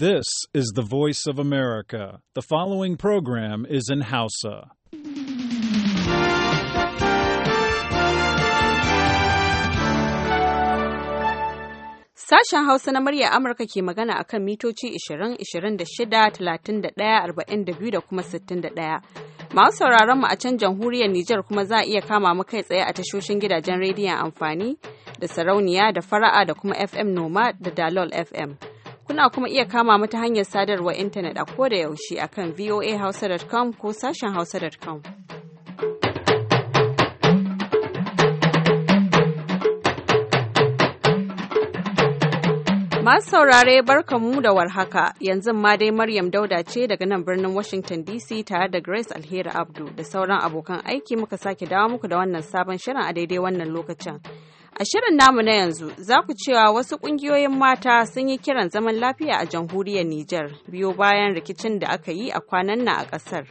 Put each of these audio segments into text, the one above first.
This is the voice of America. The following program is in Hausa. Sashen Hausa na murya Amurka ke magana a kan mitoci 20, 26, 31, 42 da kuma 61. Masu sauraron mu a can jamhuriyar Nijar kuma za a iya kama mu kai tsaye a tashoshin gidajen rediyon amfani da sarauniya da fara'a da kuma FM Noma da Dalol FM. Kuna kuma iya kama mata hanyar sadarwar intanet a ko da yaushe akan voahausa.com ko sashen hausa.com. Masu saurare mu da warhaka yanzu ma dai Maryam Dauda ce daga nan birnin Washington DC tare da Grace Alheri Abdu da sauran abokan aiki muka sake dawo muku da wannan sabon shirin a daidai wannan lokacin. A shirin namu na yanzu za ku cewa wasu ƙungiyoyin mata sun yi kiran zaman lafiya a jamhuriyar Nijar biyo bayan rikicin da aka yi a kwanan nan a ƙasar.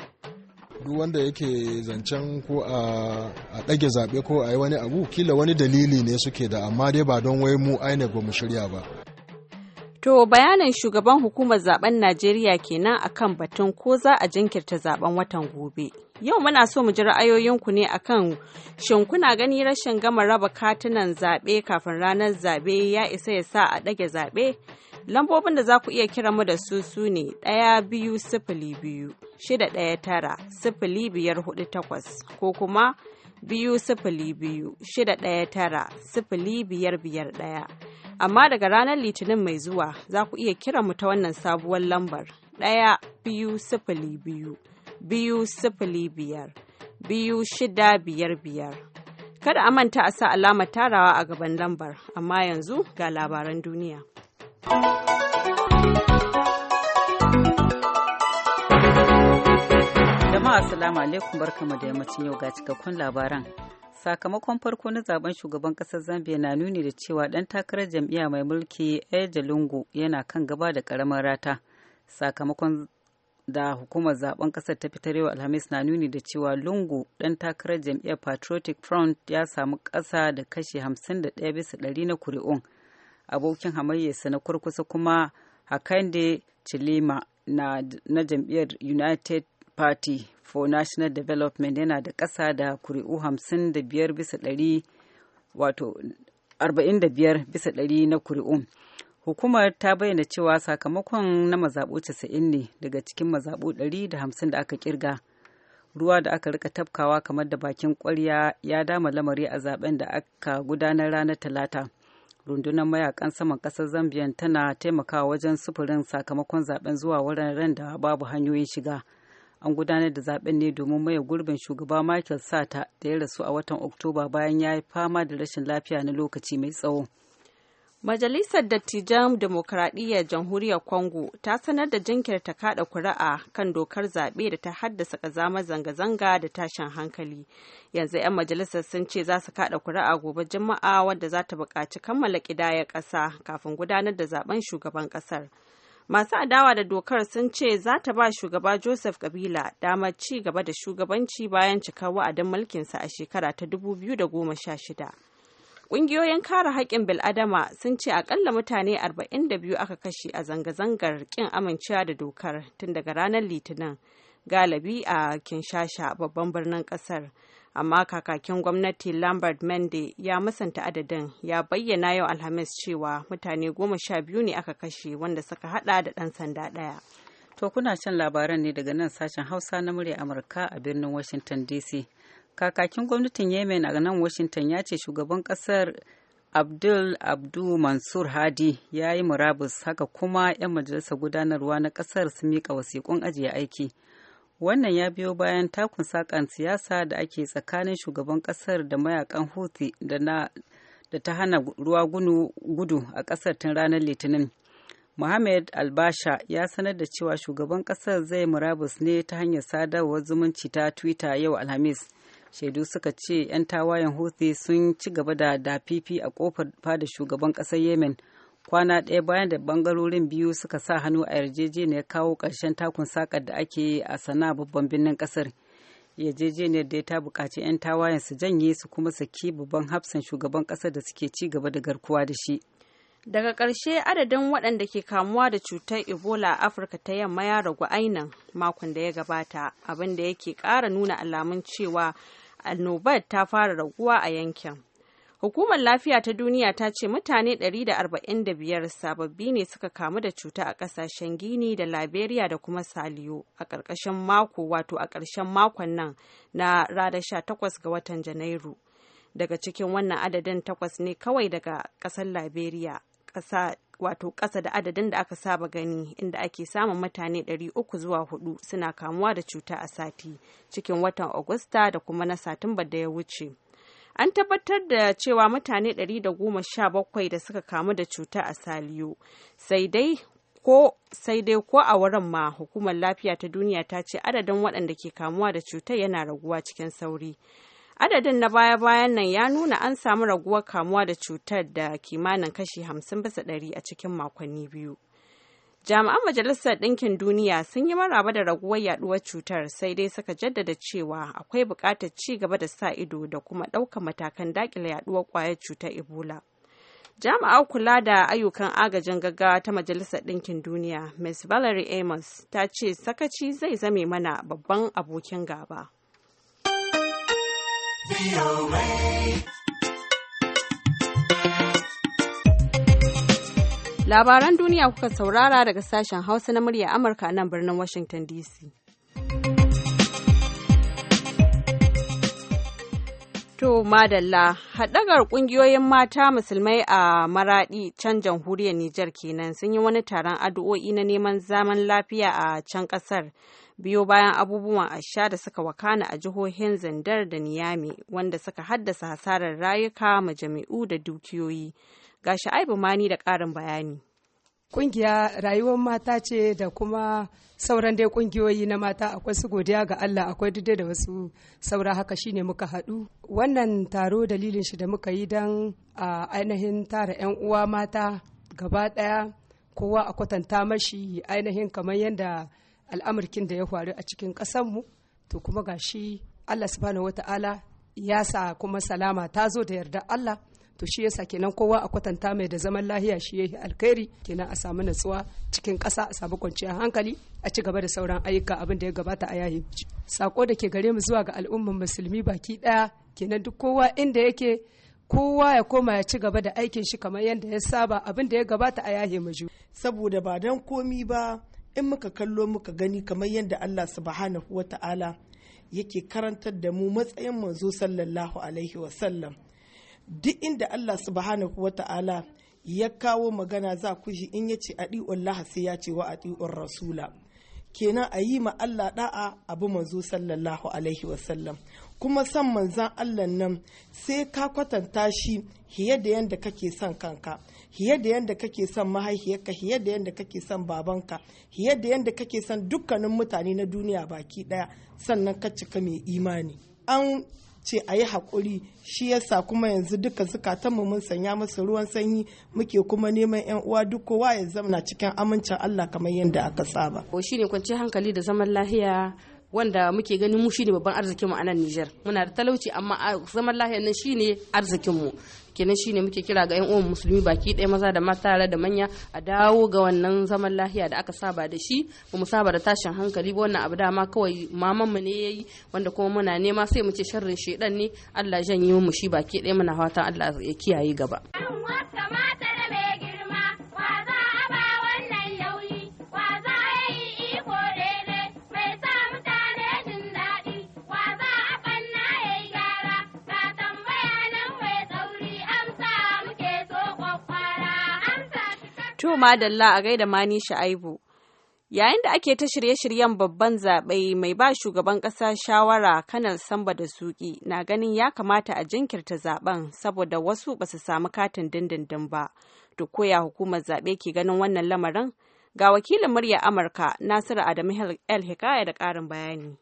duk wanda yake zancen ko a ɗage zaɓe ko a yi wani abu kila wani dalili ne suke da amma dai ba don wai mu aine ba mu shirya ba. To bayanin shugaban hukumar zaben Najeriya kenan akan batun ko za a jinkirta zaben watan gobe. Yau muna so mu ji ra'ayoyinku ne akan shin kuna gani rashin gama raba katunan zaɓe kafin ranar zaɓe ya isa ya sa a ɗage zaɓe? Lambobin da za ku iya kira mu da su su ne ɗaya biyu sifili biyu shida ɗaya tara sifili biyar hudu takwas ko kuma biyu sifili biyu shida ɗaya tara sifili biyar biyar ɗaya. Amma daga ranar Litinin mai zuwa za ku iya kira mu ta wannan sabuwar lambar ɗaya biyu sifili biyu. biyu sifili biyar biyu shida biyar biyar. Kada a manta a sa alamar tarawa a gaban lambar, amma yanzu ga labaran duniya. Jama'a Assalamu alaikum barkamu da yammacin yau ga cikakkun labaran. sakamakon farko na zaben shugaban kasar zambia na nuni da cewa dan takarar jam'iyya mai mulki eja yana kan gaba da karamar rata sakamakon da hukumar zaben kasar ta fitar yau alhamis na nuni da cewa lungu dan takarar jam'iyyar patriotic front ya samu kasa da kashi 51 bisa ɗari na kuri'un abokin hamayyarsa na kurkusa kuma hakande chilima na, na jam'iyyar united party for national development yana da kasa da kuri'u 55 bisa ɗari wato 45 bisa ɗari na kuri'un hukumar ta bayyana cewa sakamakon na mazaɓu 90 ne daga cikin mazaɓu 150 da aka kirga ruwa da aka rika tafkawa kamar da bakin kwarya ya dama lamari a zaben da aka gudanar ranar talata rundunar mayakan saman ƙasar zambia tana taimakawa wajen sufurin sakamakon zaben zuwa wuraren da babu hanyoyin shiga an gudanar da zaben ne domin maye gurbin shugaba michael sata da ya rasu a watan oktoba bayan ya yi fama da rashin lafiya na lokaci mai tsawo Majalisar Dattijan Demokuraɗiyyar Jamhuriyar kongo ta sanar da jinkirta kada kuri'a kan dokar zaɓe da ta haddasa ƙazamar zanga-zanga da tashin hankali. Yanzu 'yan majalisar sun ce za su kada kuri'a gobe Juma'a wadda za ta buƙaci kammala ƙidayar ƙasa kafin gudanar da zaben shugaban ƙasar. Masu adawa da dokar sun ce za ta ba shugaba Joseph Kabila damar ci gaba da shugabanci bayan cikar wa'adin mulkinsa a shekara ta 2016. Ƙungiyoyin kare haƙƙin bil'adama sun ce akalla mutane 42 aka kashe a zanga-zangar ƙin amincewa da dokar tun daga ranar Litinin galibi a Kinshasa babban birnin ƙasar. Amma kakakin gwamnati Lambert Mende ya musanta adadin ya bayyana yau Alhamis cewa mutane goma sha biyu ne aka kashe wanda suka hada da ɗan sanda ɗaya. To kuna shan labaran ne daga nan sashen Hausa na murya Amurka a birnin Washington DC. kakakin gwamnatin yemen a nan washington ya ce shugaban kasar abdul abdu mansur hadi ya yi murabus haka kuma 'yan majalisar gudanarwa na kasar su miƙa wasiƙun ajiye aiki wannan ya biyo bayan takun saƙan siyasa da ake tsakanin shugaban kasar da mayakan houthi da da ta hana ruwa gudu a kasar tun ranar litinin Mohamed Albasha ya sanar da cewa shugaban kasar zai murabus ne ta hanyar sadarwar zumunci ta Twitter yau Alhamis. shaidu suka ce 'yan tawayen houthi sun ci gaba da dafifi a kofar fada shugaban ƙasar yemen kwana ɗaya bayan da bangarorin biyu suka sa hannu a yarjejeniyar kawo ƙarshen takun sakar da ake yi a sana'a babban birnin ƙasar yarjejeniyar da ta buƙaci 'yan tawayen su janye su kuma saki babban hafsan shugaban ƙasar da suke ci gaba da garkuwa da shi daga ƙarshe adadin waɗanda ke kamuwa da cutar ebola a afirka ta yamma ya ragu ainan makon da ya gabata abinda yake ƙara nuna alamun cewa annobar ta fara raguwa a yankin. Hukumar lafiya ta duniya ta ce mutane 145 sababbi ne suka kamu da cuta a kasashen Gini da Liberia da kuma Saliyo a ƙarƙashin mako wato a ƙarshen makon nan na ranar 18 ga watan Janairu. Daga cikin wannan adadin takwas ne kawai daga ƙasar Liberia, ƙasa wato ƙasa da adadin da aka saba gani inda ake samun mutane 300 zuwa 4 suna kamuwa da cuta a sati cikin watan Agusta da kuma na Satumba da ya wuce. An tabbatar da cewa mutane 117 da suka kamu da cuta a Saliyo, sai dai ko sai dai ko a wurin ma hukumar lafiya ta duniya ta ce adadin waɗanda ke kamuwa da cutar yana raguwa cikin sauri Adadin na baya-bayan nan ya nuna an samu raguwar kamuwa da cutar da kimanin kashi hamsin bisa ɗari a cikin makonni biyu. Jami'an Majalisar Ɗinkin Duniya sun yi maraba da raguwar yaduwar cutar sai dai suka jaddada cewa akwai buƙatar ci gaba da sa ido da kuma ɗaukar matakan daƙile yaduwar ƙwayar cutar Ebola. Jami'ar kula da ayyukan agajin gaggawa ta Majalisar Ɗinkin Duniya, Ms. Valerie Amos, ta ce sakaci zai zame mana babban abokin gaba. Labaran duniya kuka saurara daga sashen Hausa na murya Amurka nan birnin Washington DC. To madalla haɗagar ƙungiyoyin mata musulmai a maraɗi can jamhuriyar Nijar kenan sun yi wani taron addu'o'i na neman zaman lafiya a can ƙasar biyo bayan abubuwan asha da suka wakana a jihohin Zandar da Niyami wanda suka haddasa hasarar rayuka majami'u da dukiyoyi. Ga sha'aibu mani da karin bayani. ƙungiya rayuwar mata ce da kuma sauran dai ƙungiyoyi na mata akwai su godiya ga Allah akwai duk da wasu saura haka shine muka haɗu. Wannan taro dalilin shi da muka yi don a ainihin tara 'yan uwa mata gaba ɗaya kowa a kwatanta mashi ainihin kamar yadda al'amurkin da ya faru a cikin ƙasanmu to kuma ga shi allah subhanahu wata'ala ya sa kuma salama ta zo da yarda allah to shi yasa kenan kowa a kwatanta mai da zaman lahiya shi yayi alkhairi kenan a samu natsuwa cikin ƙasa a samu kwanciyar hankali a ci gaba da sauran ayyuka abin da ya gabata a yayin sako da ke gare mu zuwa ga al'ummar musulmi baki ɗaya kenan duk kowa inda yake kowa ya koma ya ci gaba da aikin shi kamar yadda ya saba abin da ya gabata a yahe maju saboda ba dan komi ba in muka kallo muka gani kamar yadda Allah subhanahu wa ta'ala yake karantar da mu matsayin manzo sallallahu alaihi wasallam duk inda Allah subhanahu wa ta'ala ya kawo magana za ku shi in ya ce Allah sai ya ce wa adi'ur rasula kenan a yi ma Allah da'a abu manzo sallallahu alaihi wasallam kuma san manzan Allah nan sai ka kwatanta shi fiye da yadda kake son kanka hiye da yadda kake son mahaifiyarka hiye da yadda kake son babanka hiye da yadda kake son dukkanin mutane na duniya baki daya sannan ka cika mai imani an ce a yi haƙuri shi yasa kuma yanzu duka zukatanmu mun sanya masa ruwan sanyi muke kuma neman 'yan uwa duk kowa ya na cikin amincin Allah kamar yadda aka saba. Shi ne kwanciyar hankali da zaman lahiya wanda muke ganin mu shine babban arzikin mu a nan Niger muna da talauci amma zaman lahiya nan shine arzikin mu kenan shine muke kira ga 'yan uwan musulmi baki ɗaya maza da mata tare da manya a dawo ga wannan zaman lahiya da aka saba da shi ba mu saba da tashin hankali ba wannan abu dama kawai maman mu ne yayi wanda kuma muna nema sai mu ce sharrin shedan ne Allah janye mu shi baki ɗaya muna fatan Allah ya kiyaye gaba To madalla a gaida mani sha'aibu. Yayin da ake ta shirye-shiryen babban zaɓe mai ba shugaban ƙasa shawara kanar samba da suƙi na ganin ya kamata a jinkirta zaɓen saboda wasu ba su samu katin dindindin ba. To koya hukumar zaɓe ke ganin wannan lamarin? Ga wakilin murya Amurka Nasiru Adamu El Hikaya da ƙarin bayani.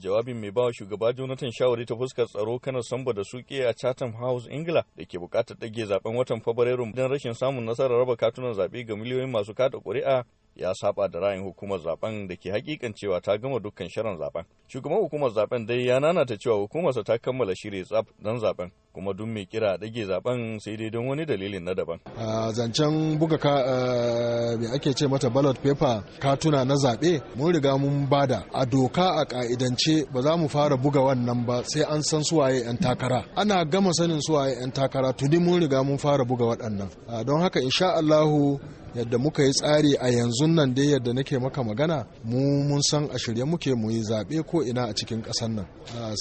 jawabin mai bawa shugaba jonathan shawari ta fuskar tsaro kana samba da suke a chatham house ingila da ke bukatar dage zaben watan fabrairu don rashin samun nasarar raba katunan zaɓe ga miliyoyin masu kada ƙuri'a ya saba da ra'ayin hukumar zaben da ke hakikan cewa ta gama dukkan shirin zaben. Shugaban hukumar zaben dai ya nanata cewa hukumarsa ta kammala shirin tsaf don zaben kuma duk mai kira dage zaben sai dai don wani dalilin na daban. zancen buga ka eh, me ake ce mata ballot paper katuna na zaɓe mun riga mun bada a doka a ka'idance ba za mu fara buga wannan ba sai an san suwaye 'yan takara ana gama sanin suwaye 'yan takara tuni mun riga mun fara buga waɗannan don haka insha Allahu yadda muka yi tsari a yanzu nan dai yadda nake maka magana mu mun san a shirye muke mu yi zaɓe ko ina a cikin ƙasar nan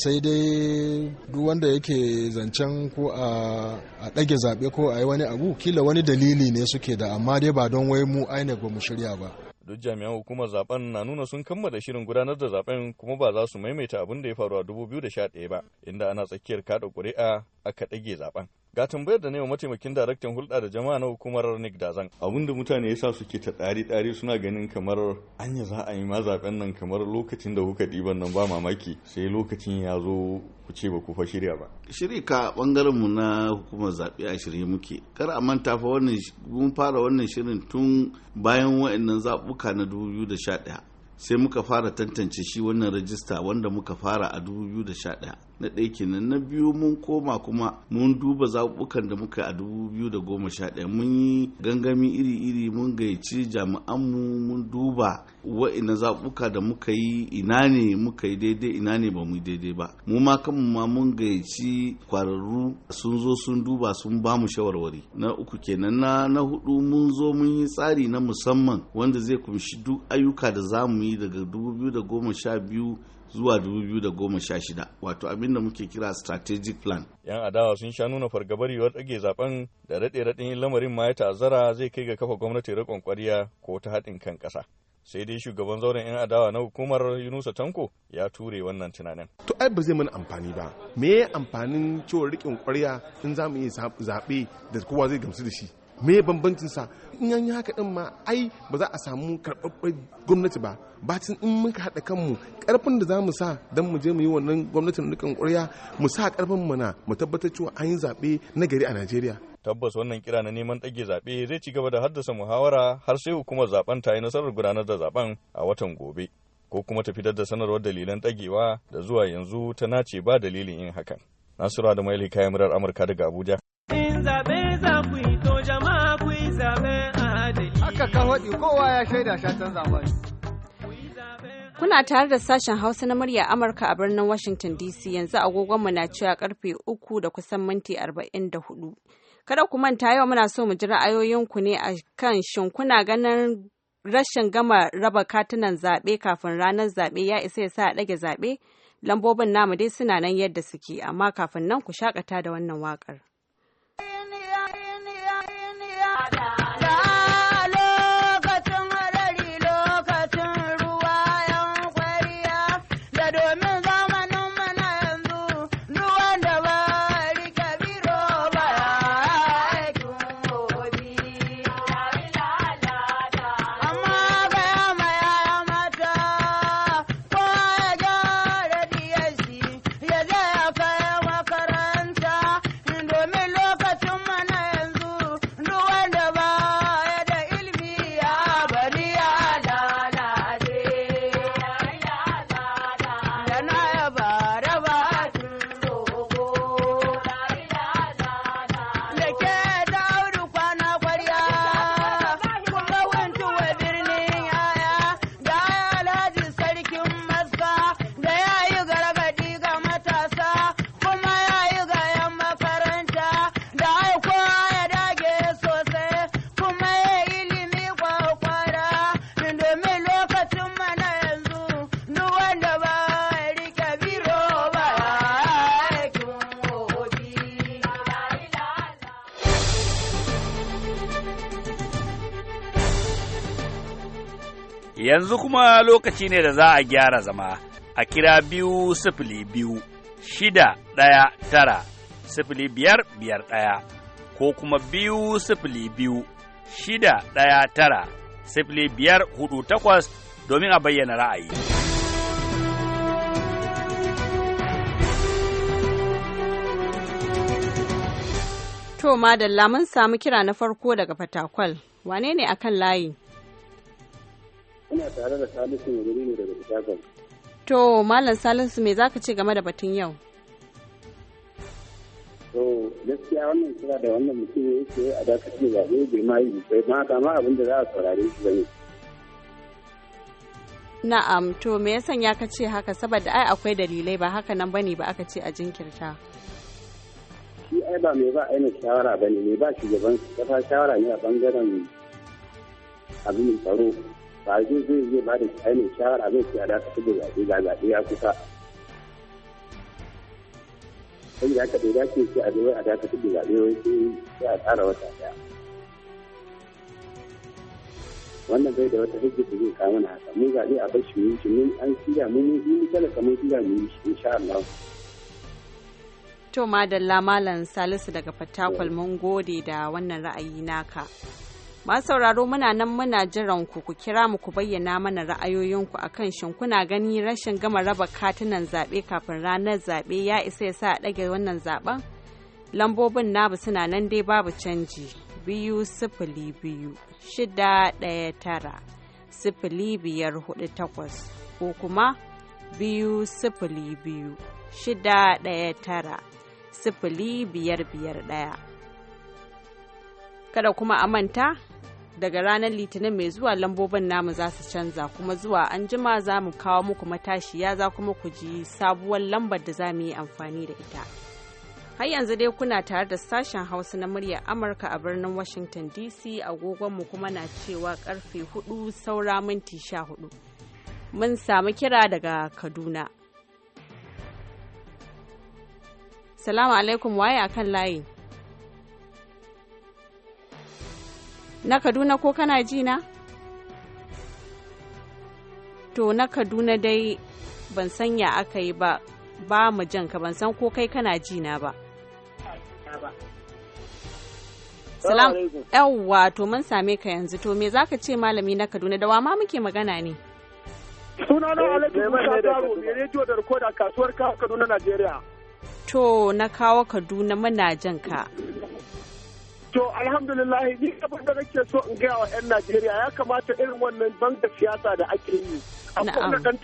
sai dai duk wanda yake zancen ko a ɗage zaɓe ko a yi wani abu kila wani dalili ne suke da amma dai ba don wai mu ainih ba mu shirya ba duk jami'an hukumar zaben na nuna sun kammala shirin gudanar da zaben kuma ba za su maimaita abin da ya faru a 2011 ba inda ana tsakiyar kaɗa ƙuri'a aka ɗage zaben ga tambayar da wa mataimakin daraktan hulɗa da jama'a na hukumar Nick Dazan. abun da mutane ya sa suke ta ɗari-ɗari suna ganin kamar anya za a yi ma zaben nan kamar lokacin da kuka ɗiban nan ba mamaki sai lokacin ya zo ku ce ba ku fa shirya ba. Shiri ka bangaren mu na hukumar zaɓe a shirye muke. Kar a manta fa wannan mun fara wannan shirin tun bayan wa'annan zaɓuka na 2011. sai muka fara tantance shi wannan rajista wanda muka fara a 2011 na ɗaya kenan na biyu mun koma kuma mun duba zaɓuɓɓukan da muka yi a 2011 mun yi gangami iri-iri mun gayyaci jami'anmu mun duba wa'ina zaɓuka da muka yi ina ne muka yi daidai ina ne ba mu daidai ba mu ma kanmu ma mun gayyaci kwararru sun zo sun duba sun ba mu shawarwari na uku kenan na na hudu mun zo mun yi tsari na musamman wanda zai kumshi duk ayyuka da za mu yi daga 2012 zuwa 2016 wato abin da muke kira strategic plan. Yan adawa sun sha nuna fargabar yiwuwar ɗage zaben da raɗe-raɗin lamarin ma ya ta'azzara zai kai ga kafa gwamnati riƙon ƙwariya ko ta haɗin kan ƙasa. sai dai shugaban zauren 'yan adawa na hukumar yunusa tanko ya ture wannan tunanin to ai ba zai mana amfani ba me amfanin cewar rikin kwarya in za mu iya zaɓe da kowa zai gamsu da shi me bambancin sa in an haka din ma ai ba za a samu karɓaɓɓen gwamnati ba bacin in muka haɗa kanmu ƙarfin da za mu sa don mu je mu yi wannan gwamnatin nukan ƙwarya mu sa ƙarfin mana mu tabbatar cewa an yi zaɓe na gari a Najeriya. Tabbas wannan kira na neman ɗage zaɓe zai ci gaba da haddasa muhawara har sai hukumar zaben ta yi nasarar gudanar da zaben a watan gobe. Ko kuma ta fitar da sanarwar dalilan ɗagewa da zuwa yanzu ta nace ba dalilin yin hakan. Nasiru da Maili kayan murar Amurka daga Abuja. In zaɓe Kuna tare da sashen Hausa na murya Amurka a birnin Washington DC yanzu agogonmu na cewa karfe uku da kusan minti arba'in da hudu. Kada ku manta yau muna so mu ji ra'ayoyinku ne a kan shin kuna ganin rashin gama raba katunan zaɓe kafin ranar zaɓe ya isa ya sa a ɗage zaɓe? Lambobin namu dai suna nan yadda suke, amma kafin nan ku shakata da wannan waƙar. yanzu kuma lokaci ne da za a gyara zama a kira biyu sifili biyu shida ɗaya tara sifili biyar biyar ɗaya ko kuma biyu sifili biyu shida ɗaya tara sifili biyar hudu takwas domin a bayyana ra'ayi. To madalla mun samu kira na farko daga fatakwal wane ne akan layi? ina tare da salisu wuri ne daga shagon. to malam salisu me ka ce game da batun yau to gaskiya wannan kira da wannan mutum ya ke a ba zaɓe bai ma yi bai ma kama abin da za a saurare shi bane na'am to me ya ya ka ce haka saboda ai akwai dalilai ba haka nan bane ba aka ce a jinkirta shi ai ba mai ba ainihin shawara bane mai ba shugaban kasa shawara ne a bangaren abin tsaro ba zai zai zai ba da ainihin shawara zai ce a da tafi da zaɓe ga zaɓe ya kusa sai da aka ɗaya dace ce a zai wai a da tafi da zaɓe wai sai a tsara wata ɗaya wannan bai da wata hujja da zai kawo mana haka mun zaɓe a bar shi mun shi mun an shirya mun yi mun talaka mun shirya mun shi insha Allah To Madalla Malam Salisu daga Fatakwal mun gode da wannan ra'ayi naka. Masu sauraro muna nan muna jiran ku ku kira mu ku bayyana mana ra'ayoyinku akan shin kuna gani rashin gama raba katunan zaɓe kafin ranar zaɓe ya isa ya sa a ɗage wannan zaɓen? Lambobin nabu suna nan dai babu canji biyu sifili biyu shida ɗaya tara sifili biyar hudu takwas ko kuma biyu sifili biyu shida ɗaya tara sifili biyar biyar ɗaya. Kada kuma a manta daga ranar litinin mai zuwa lambobin namu za su canza kuma zuwa anjima jima za mu kawo muku matashiya za kuma ku ji sabuwar lambar da za mu yi amfani da ita har yanzu dai kuna tare da sashen hausa na muryar amurka a birnin washington dc agogonmu kuma na cewa karfe hudu saura minti sha hudu mun samu kira daga kaduna salamu alaikum waye akan layi na kaduna ko kana ji na to na kaduna dai ban sanya aka yi ba ba mu jan ka ban san ko kai kana ji na ba salam yawwa to mun same ka yanzu to me zaka ce malami na kaduna da wa ma muke magana ne suna na eh, alhaji eh, musa taro ne rediyo da rikoda kasuwar kaduna najeriya to na kawo kaduna muna jan ka To alhamdulillah ni abin da nake so in gaya wa 'yan Najeriya ya kamata irin wannan banga siyasa da ake yi. A kona ɗan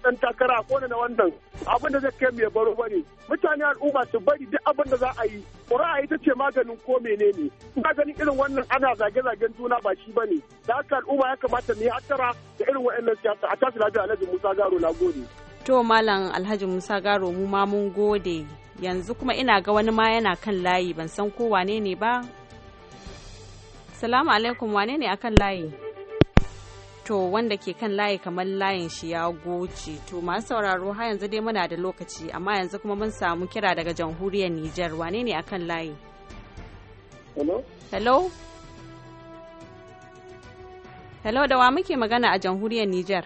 ɗan takara a na wannan abin da zai kai mai baro bane. Mutane al'umma su bari duk abin da za a yi. ra'ayi ta ce maganin ko menene. Maganin irin wannan ana zage-zagen juna ba shi bane. Da haka al'umma ya kamata mu yi hattara da irin wa'annan siyasa. A tashi lafiya Alhaji Musa Garo na gode. To Malam Alhaji Musa Garo mu ma mun gode. Yanzu kuma ina ga wani ma yana kan layi ban san ko wane ne ba Assalamu alaikum wane ne akan layi? To wanda ke kan layi kamar layin shi ya goce. To masu sauraro har yanzu dai muna da lokaci amma yanzu kuma mun samu kira daga jamhuriyar Nijar wane ne akan layi? Hello? Hello? Hello da wa muke magana a jamhuriyar Nijar?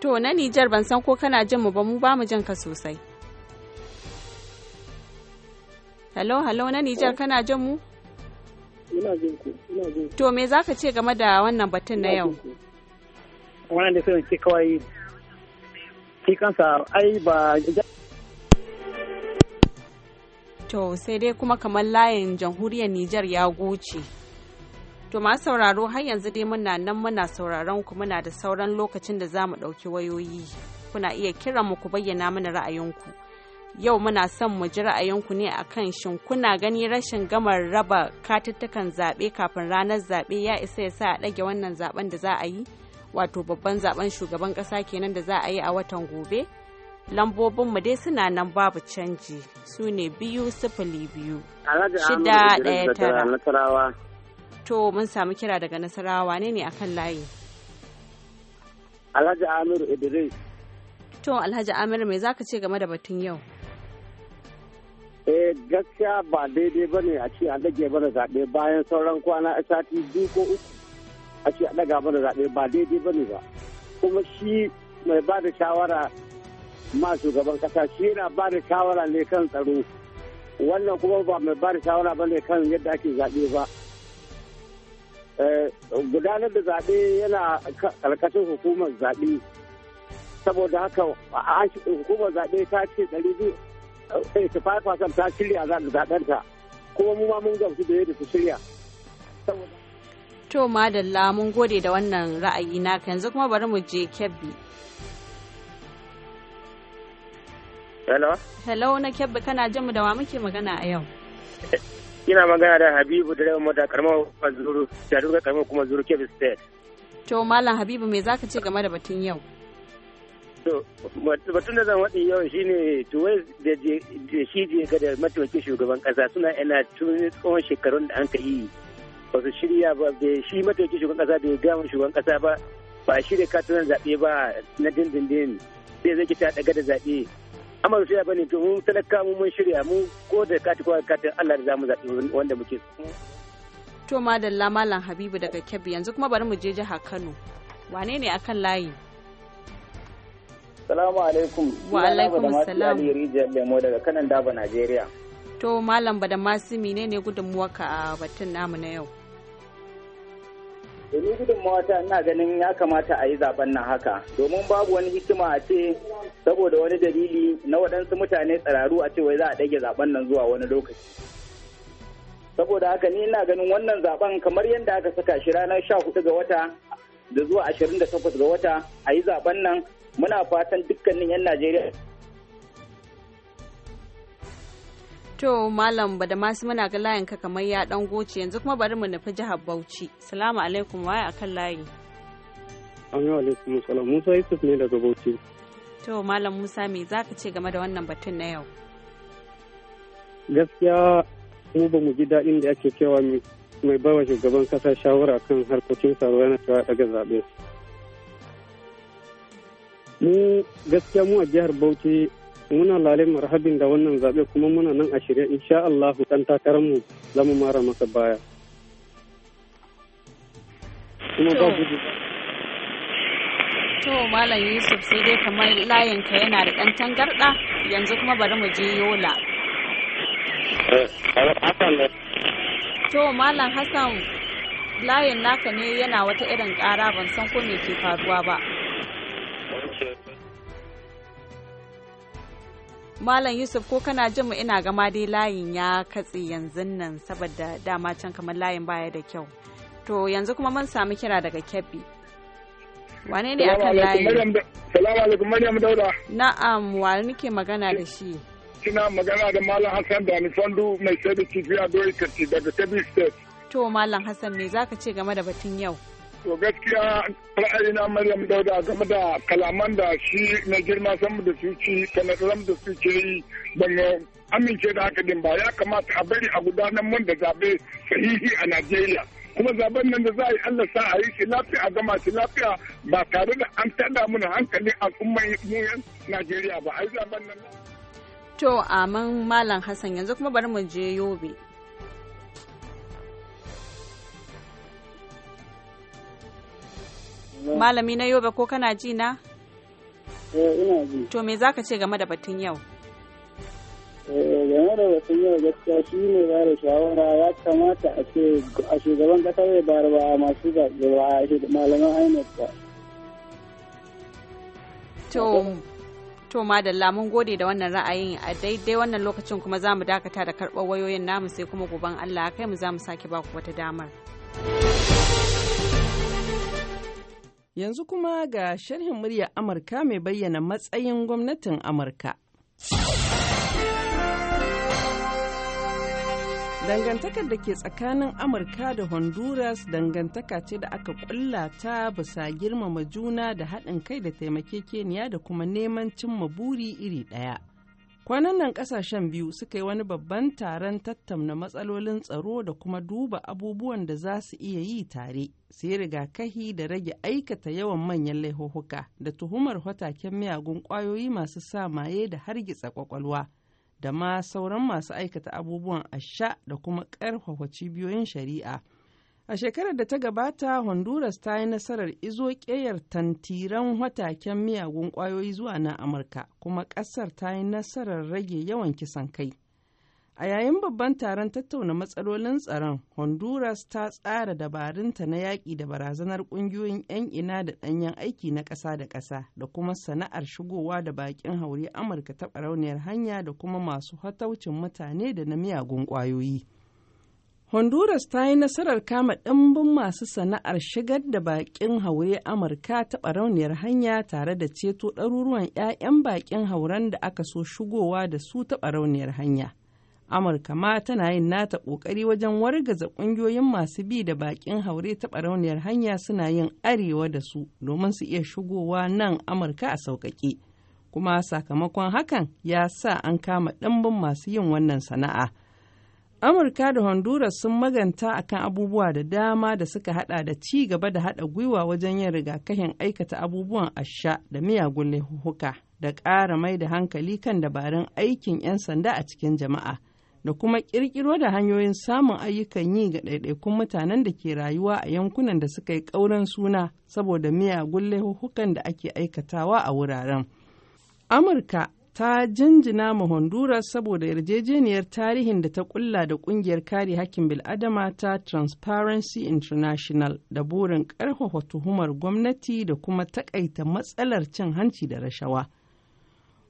To na Nijar ban san ko kana jin mu ba mu ba mu jin ka sosai. Hello, hello na Nijar kana jin mu? Ina jin ku, ina jin ku. To me za ka ce game da wannan batun na yau? Wannan da sai kawai shi kansa ai ba To sai dai kuma kamar layin jamhuriyar Nijar ya goce. To ma sauraro har yanzu dai muna nan muna sauraron ku muna da sauran lokacin da za mu ɗauki wayoyi. Kuna iya kiran mu ku bayyana mana ra'ayinku. yau muna son mu ji ra'ayinku ne akan shin kuna gani rashin gamar raba katuttukan zaɓe kafin ranar zaɓe ya isa ya sa a ɗage wannan zaɓen da za a yi wato babban zaɓen shugaban ƙasa kenan da za a yi a watan gobe lambobin mu dai suna nan babu canji su ne biyu sifili biyu shida ɗaya tara to mun samu kira daga nasarawa ne ne akan layi alhaji amiru idris to alhaji amiru me zaka ce game da batun yau eh gaskiya ba daidai ba ne a ce an dage mana zaɓe bayan sauran kwana sati biyu ko uku a ce an daga mana zaɓe ba daidai ba ne ba kuma shi mai ba da shawara ma shugaban kasa shi yana ba da shawara ne kan tsaro wannan kuma ba mai ba da shawara ba ne kan yadda ake zaɓe ba eh, gudanar da zaɓe yana ƙarƙashin hukumar zaɓe saboda haka hukumar zaɓe ta ce ɗari biyu 85% ta shirya za ta zaɓen ta kuma mu ma mun gamsu da yadda su shirya. To madalla mun gode da wannan ra'ayi naka yanzu kuma bari mu je kebbi. Hello? Hello na kebbi kana jin mu da wa muke magana a yau. Ina magana da Habibu da Rewa Mota karamar kuma zuru, da duka kuma zuru Kebbi State. To Malam Habibu me zaka ce game da batun yau? To, batun da zan waɗin yau shine Tuwai da shi je da mataimakin shugaban ƙasa suna yana tun tsawon shekarun da an ka yi. Ba su shirya ba, da shi mataimakin shugaban ƙasa da ya gama shugaban ƙasa ba, ba shi da katunan zaɓe ba na dindindin sai zai ta daga da zaɓe. Amma su shirya bani to mun talaka mu mun shirya mu ko da kati ko katin Allah da za mu wanda muke. To, Madalla Malam Habibu daga Kebbi yanzu kuma bari mu je jihar Kano. Wane ne akan layi? Salamu alaikum. Wa alaikum salam. Lemo daga kanan Daba, Najeriya. To Malam Badan Masu ne ne gudunmuwarka a batun namu na yau? Domin gudunmuwa ta ina ganin ya kamata a yi zaben nan haka domin babu wani hikima a ce saboda wani dalili na waɗansu mutane tsararu a ce wai za a ɗage zaben nan zuwa wani lokaci. Saboda haka ni ina ganin wannan zaben kamar yadda aka saka shi ranar sha hudu ga wata da zuwa ashirin da takwas ga wata a yi zaben nan muna fatan dukkanin 'yan najeriya To Malam bada masu muna ga layin ka kamar ya dan goce yanzu kuma bari mu nufi jihar Bauchi. Salamu alaikum waye akan layi. Amin alaikum salam Musa Yusuf ne daga Bauchi. To Malam Musa me zaka ce game da wannan batun na yau? Gaskiya mu ba mu ji daɗin da ake cewa mai bawa shugaban kasa shawara kan harkokin tsaro yana cewa daga zaɓe. mu gaskiya mu a jihar bauchi muna lalai marhabin da wannan zaɓe kuma muna nan a shirye insha Allah dan takararmu za mu mara masa baya kuma ba gudu to malam yusuf sai dai kamar layinka yana da ɗan tangarɗa yanzu kuma bari mu je yola eh, to malam hassan layin naka ne yana wata irin ƙara ban san ko me ke faruwa ba Malam Yusuf ko kana jin mu ina gama dai layin ya katse yanzu nan saboda dama can kamar layin baya da kyau. To yanzu kuma mun samu kira daga Kebbi. Wane ne akan layin? Salamu alaikum Maryam Dauda. Na'am wa nake magana da shi? Kina magana da Malam Hassan da ni fandu mai sai da kifi a Doi Kati daga Kebbi State. To Malam Hassan me zaka ce game da batun yau? To gaskiya ra'ayina Maryam Dauda game da kalaman da shi na girma samu da suci kana samu da ce yi ban amince da haka din ba ya kamata a bari a gudanar mun da zabe sahihi a Najeriya. kuma zaben nan da za a yi Allah sa a yi shi lafiya a gama shi lafiya ba tare da an tada mana hankali al'ummar yan Najeriya ba a yi zaben nan. To aman Malam Hassan yanzu kuma bari mu je Yobe. Malami na Yobe ko kana ji na? Eh, to me za ka ce game da batun yau? Eh, game da batun yau gaskiya shi ne ba da shawara ya kamata a ce a shugaban kasar ya bayar ba masu zaɓe ba a malaman INEC ba. To, to madalla mun gode da wannan ra'ayin a daidai wannan lokacin kuma za mu dakata da karɓar wayoyin namu sai kuma goban Allah kai mu za mu sake baku wata damar. Yanzu kuma ga sharhin murya Amurka mai bayyana matsayin gwamnatin Amurka. Dangantakar da ke tsakanin Amurka da Honduras dangantaka ce da aka kulla ta bisa girmama juna da haɗin kai da taimakekeniya da kuma neman cimma buri iri ɗaya. kwanan nan kasashen biyu suka yi wani babban taron tattauna matsalolin tsaro da kuma duba abubuwan da za su iya yi tare sai rigakahi da rage aikata yawan manyan laihuhuka da tuhumar hataken miyagun kwayoyi masu sa maye da hargitsa kwakwalwa da ma sauran masu aikata abubuwan asha da kuma ƙarfafa cibiyoyin shari'a. A shekarar da ta gabata, Honduras ta yi nasarar izo ƙeyar tantiran wataken miyagun ƙwayoyi zuwa na Amurka, kuma ƙasar ta yi nasarar rage yawan kisan kai. A yayin babban taron tattauna matsalolin tsaron, Honduras ta tsara dabarunta na yaƙi da barazanar ƙungiyoyin 'yan ina da ɗanyen aiki na ƙasa da ƙasa da kuma sana'ar shigowa da baƙin haure Amurka ta ɓarauniyar hanya da kuma masu hataucin mutane da na miyagun ƙwayoyi. Honduras ta yi nasarar kama ɗimbin masu sana'ar shigar da baƙin haure Amurka ta ɓarauniyar hanya tare da ceto ɗaruruwan 'ya'yan baƙin hauren da aka so shigowa da su ta ɓarauniyar hanya. Amurka ma tana yin nata ƙoƙari wajen wargaza ƙungiyoyin masu bi da baƙin haure ta ɓarauniyar hanya suna yin arewa da su domin su iya shigowa nan Amurka a sauƙaƙe. Kuma sakamakon hakan ya sa an kama ɗimbin masu yin wannan sana'a. Amurka da Honduras sun maganta akan abubuwa da dama da suka hada da ci gaba da hada gwiwa wajen yin rigakafin aikata abubuwan asha da miyagun laifuka da ƙara mai da hankali kan dabarun aikin 'yan sanda a cikin jama'a da kuma ƙirƙiro da hanyoyin samun ayyukan yi ga ɗaiɗaikun mutanen da ke rayuwa a yankunan da suka yi ƙauran suna saboda miyagun laifukan da ake aikatawa a wuraren. Amurka ta jinjina ma Honduras saboda yarjejeniyar tarihin da ta kulla da kungiyar kare hakkin bil'adama ta Transparency International da burin karfafa tuhumar gwamnati da kuma takaita matsalar cin hanci da rashawa.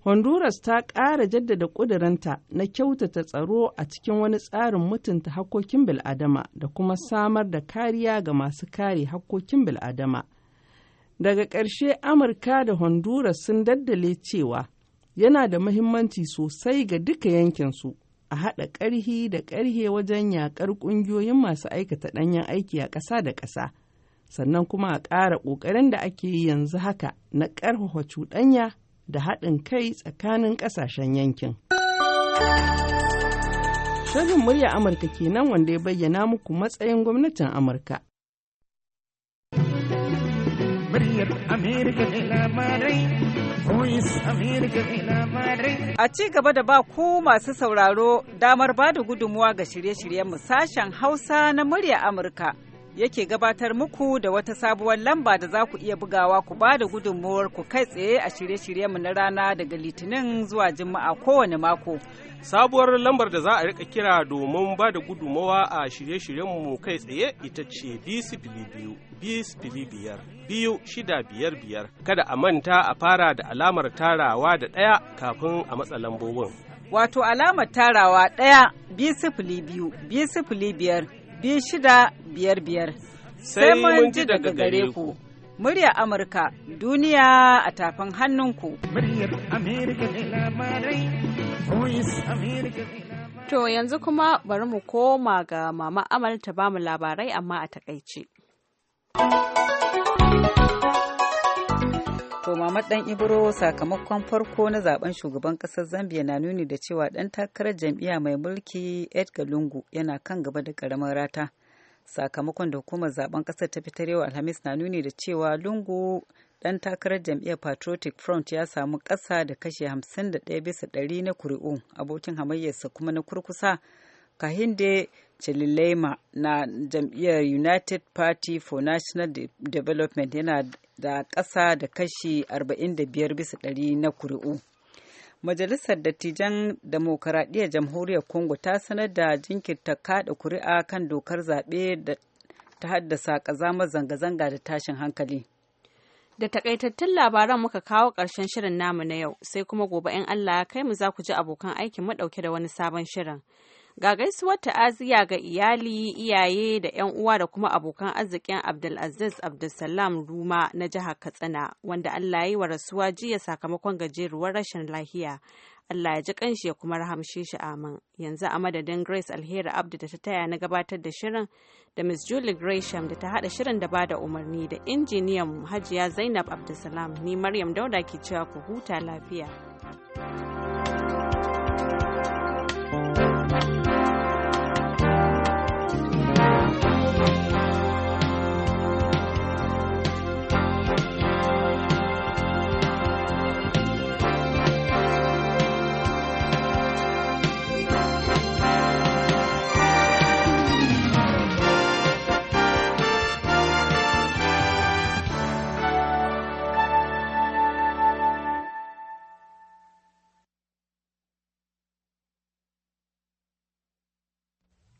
Honduras ta ƙara jaddada ƙuduranta na kyautata tsaro a cikin wani tsarin mutunta hakkokin bil'adama da kuma samar da kariya ga masu kare hakkokin bil'adama. Daga ƙarshe Amurka da Honduras sun daddale cewa yana da mahimmanci sosai ga duka yankinsu a haɗa ƙarhi da ƙarhe wajen yaƙar ƙungiyoyin masu aikata ɗanyen aiki a ƙasa da ƙasa sannan kuma a ƙara ƙoƙarin da ake yi yanzu haka na ƙarfafa cuɗanya da haɗin kai tsakanin ƙasashen yankin. Shirin murya Amurka kenan wanda ya bayyana muku matsayin gwamnatin Amurka. Muryar Amurka ne labarai A ci gaba da ba ku masu sauraro damar ba da gudunmuwa ga shirye-shiryen sashen Hausa na murya Amurka. yake gabatar muku da wata sabuwar lamba da za ku iya bugawa ku ba da gudunmuwar ku kai tsaye a shirye-shiryenmu na rana daga litinin zuwa juma'a kowane mako. Sabuwar lambar da za a rika kira domin ba da gudunmawa a shirye-shiryenmu kai tsaye ita ce biyar biyu shida biyar biyar kada a manta a fara da alamar tarawa da ɗaya kafin a matsa lambobin. Wato alamar tarawa ɗaya biyu fili biyu fili biyar biyu shida biyar biyar. Sai mun ji daga gare ku. Murya Amurka duniya a tafin hannunku. Muryar ne lamarai. To yanzu kuma bari mu koma ga Mama Amal ta ba mu labarai amma a takaice. To Mama Dan Ibro sakamakon farko na zaben shugaban ƙasar Zambia na nuni da cewa ɗan takarar jam'iyya mai mulki Edgar Lungu yana kan gaba da karamar rata. sakamakon da hukumar zaben kasar ta fitar yau alhamis na nuni da cewa lungu dan takarar jam'iyyar patriotic front ya samu kasa da kashi 51 bisa ɗari na kuri'u abokin hamayyarsa kuma na kurkusa kahinde chililema na jam'iyyar united party for national development yana da kasa da kashi 45 bisa na kuri'u Majalisar Dattijan Demokuraɗiyyar Jamhuriyar Congo ta sanar da jinkirta kaɗa kuri'a kan dokar zaɓe ta haddasa ƙazamar zanga-zanga da tashin hankali. Da takaitattun labaran muka kawo ƙarshen shirin namu na yau, sai kuma gobe in Allah ya kai mu za ku ji abokan aikin mu ɗauke da wani sabon shirin. Ga gaisuwar ta'aziyya ga iyali, iyaye da 'yan uwa da kuma abokan arzikin Abdulaziz Abdulsalam Ruma na jihar Katsina, wanda Allah ya yi wa rasuwa jiya sakamakon gajeruwar rashin lahiya. Allah ya ji kanshi ya kuma rahamshe shi amin. Yanzu a madadin Grace Alheri Abdu da ta taya na gabatar da shirin da Miss Julie Gresham da ta hada shirin da bada umarni da injiniyan Hajiya Zainab Abdulsalam ni Maryam Dauda ke cewa ku huta lafiya.